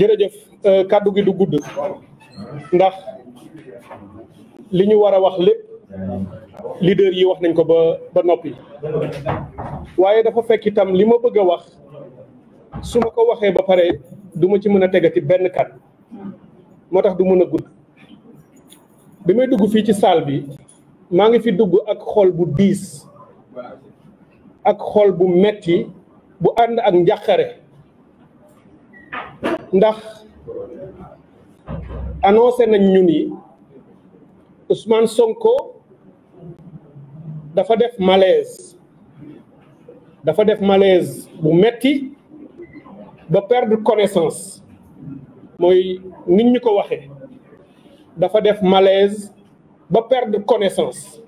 jërëjëf euh, kàddu gi du gudd ndax li ñu war a wax lépp leader yi wax nañ ko ba ba noppi waaye dafa fekk itam li ma bëgg a wax su ma ko waxee ba pare duma ci mën a tegati benn kàddu moo tax du mën a gudd bi may dugg fii ci salle bi maa ngi fi dugg ak xol bu diis ak xol bu metti bu ànd ak njàqare ndax annoncé nañ ñu ni Ousmane Sonko dafa def malaise dafa def malaise bu metti ba perdre connaissance moy nit ñu ko waxe dafa def malaise ba perdre connaissance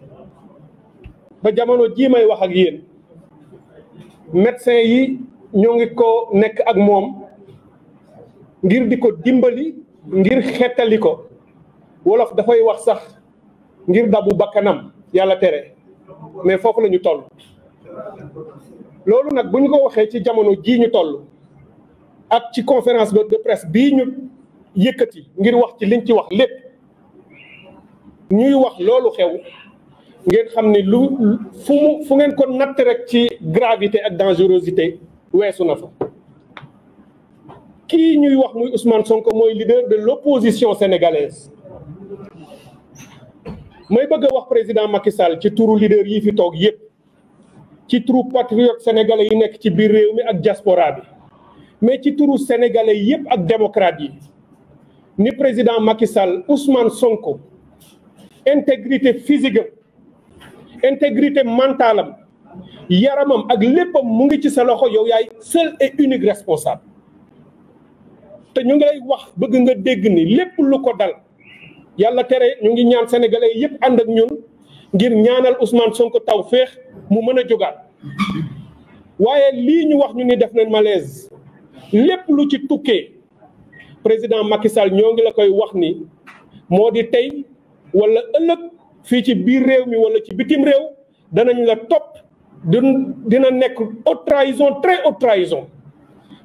ba jamono jii may wax ak yéen médecin yi ñoo ngi ko nek ak mom ngir di ko dimbali ngir xettali ko wolof dafay wax sax ngir dabu bakkanam yàlla tere mais foofu la ñu toll loolu nag bu ñu ko waxee ci jamono jii ñu toll ak ci conférence de presse bii ñu yëkkati ngir wax ci liñ ci wax lépp ñuy wax loolu xew ngeen xam ni lu fu fu ngeen ko natt rek ci gravité ak dangerosité weesu na fa qui ñuy wax Ousmane Sonko moy leader de l'opposition sénégalaise may bëgg si wax président Macky Sall ci touru leader yi fi tok yépp ci patriote sénégalais yi nekk ci biir réew mi ak diaspora bi mais ci touru sénégalais yépp ak démocrate ni président Macky Sall Ousmane Sonko intégrité physique intégrité mentale yaramam ak leppam mu ngi ci sa seul et unique responsable te ñu ngi lay wax bëgg nga dégg ni lépp lu ko dal yàlla tere ñu ngi ñaan sénégalais yëpp ànd ak ñun ngir ñaanal Ousmane Sonko taw féex mu mën a jógaat waaye lii ñu wax ñu ni def nañ malaise lépp lu ci tukkee président Macky ñoo ngi la koy wax ni moo di tey walla ëllëg fii ci biir réew mi wala ci bitim réew danañ la topp dina nekk haute trahison très haute trahison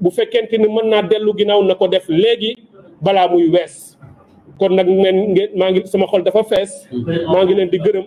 bu fekkente ni mën naa dellu ginnaaw na ko def léegi balaa muy wees kon nag nen ngeen maa ngi sama xol dafa fees mm-hmm. maa ngi leen di gërëm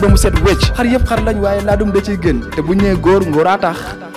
ba mu set wecc xar yëpp xar lañ waaye laa dum da ciy gën te bu ñu nee góor ngóoraa tax